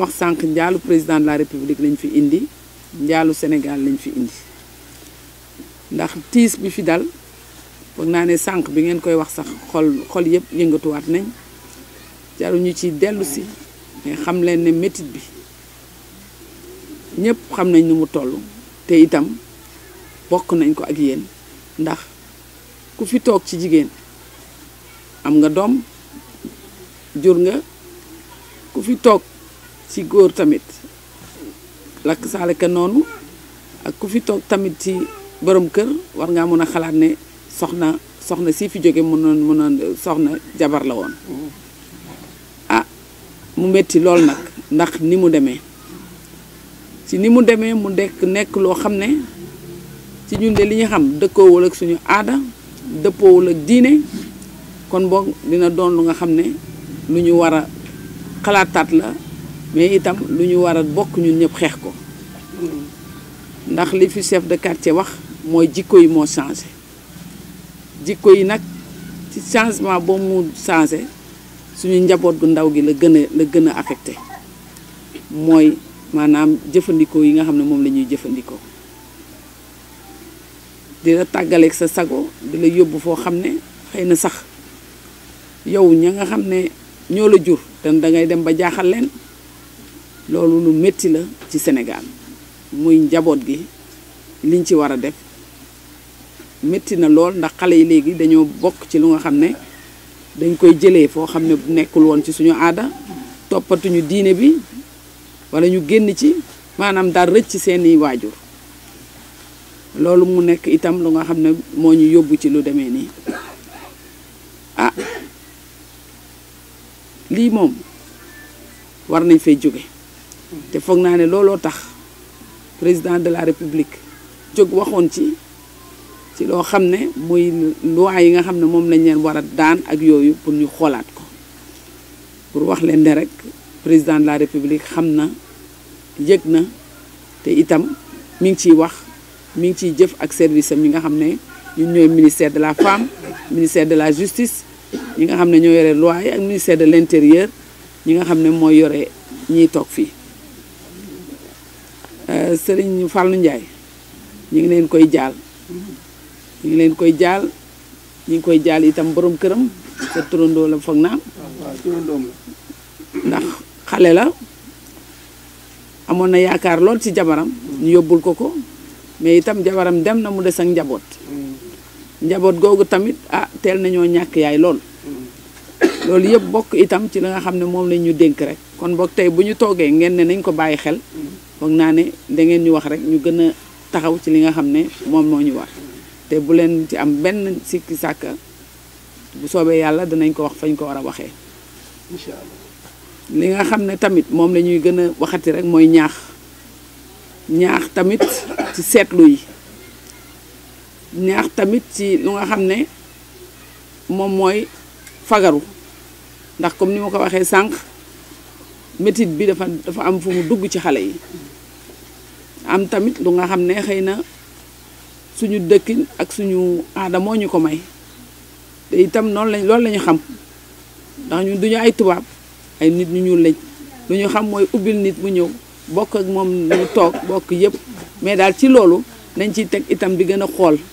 ma sànq njaalu président de la république lañu fi indi njaalu Sénégal lañu fi indi ndax tiis bi fi dal foog naa ne sànq bi ngeen koy wax sax xol xol yëpp yëngatuwaat nañ jaruñu ci dellusi si xam leen ne métit bi ñëpp xam nañ nu mu toll te itam bokk nañ ko ak yéen ndax ku fi toog ci jigéen am nga doom jur nga ku fi toog ci góor tamit lakk saale ka noonu ak ku fi toog tamit ci boroom kër war ngaa mën a xalaat ne soxna soxna si fi jóge mënoon mënoon soxna jabar la woon ah mu metti lool nag ndax ni mu demee ci ni mu demee mu dekk nekk loo xam ne ci ñun li ñu xam dëkkoowul ak suñu aada dëppowul ak diine kon boog dina doon lu nga xam ne lu ñu war a xalaataat la mais itam lu ñu war a bokk ñun ñëpp xeex ko ndax li fi chef de quartier wax mooy jikko yi moo changé jikko yi nag ci changement boo mu changé suñu njaboot gu ndaw gi la gën a la gën a affecté mooy maanaam jëfandikoo yi nga xam ne moom la ñuy jëfandikoo di tàggaleek sa sago di yóbbu foo xam ne xëy na sax yow ña nga xam ne ñoo la jur te dangay dem ba jaaxal leen loolu lu metti la ci senegaal muy njaboot gi liñ ci war a def metti na lool ndax xale yi léegi dañoo bokk ci lu nga xam ne dañ koy jëlee foo xam ne nekkul woon ci suñu aada toppatuñu diine bi wala ñu génn ci maanaam daal rëcc ci seeni waajur loolu mu nekk itam lu nga xam ne moo ñu yóbbu ci lu demee nii ah lii moom war nañ fay jóge te foog naa ne looloo tax président de la république jóg waxoon ci ci loo xam ne muy loi yi nga xam ne moom lañ leen war a daan ak yooyu pour ñu xoolaat ko pour wax leen ne rek président de la république xam na yëg na te itam mi ngi ciy wax mi ngi ciy jëf ak service am yi nga xam ne ñun ñooy ministère de la femme ministère de la justice ñi nga xam ne ñoo yore loi ak ministère de l'intérieur ñi nga xam ne mooy yore ñiy toog fii Euh, sëriñ Fallou Ndiaye ñu ngi leen koy jaal ñu ngi leen koy jaal ñu ngi koy jaal itam boroom këram sa turandoo la foog naa ndax xale la amoon na yaakaar lool ci jabaram ñu yóbbul ko ko mais itam jabaram dem na mu des ak njaboot njaboot googu tamit ah teel nañoo ñàkk yaay lool loolu yëpp bokk itam ci la nga xam ne moom la ñu dénk rek kon boog tey bu ñu toogee ngeen ne nañ ko bàyyi xel foog naa ne dangeen ngeen ñu wax rek ñu gën a taxaw ci li nga xam ne moom moo ñu wax te bu leen ci am benn sikki sàkka bu soobee yàlla danañ ko wax fañ ko war a waxee li nga xam ne tamit moom la ñuy gën a waxati rek mooy ñaax ñaax tamit seetlu yi ñaax tamit ci lu nga xam ne moom mooy fagaru ndax comme ni ma ko waxee sànq métit bi dafa dafa am fu mu dugg ci xale yi am tamit lu nga xam ne xëy na suñu dëkkin ak suñu aada moo ñu ko may te itam noonu lañ loolu la xam ndax ñu duñu ay tubaab ay nit ñu ñuul lañ lu ñu xam mooy ubbil nit mu ñëw bokk ak moom ñu toog bokk yépp mais daal ci loolu nañ ciy teg itam bi gën a xool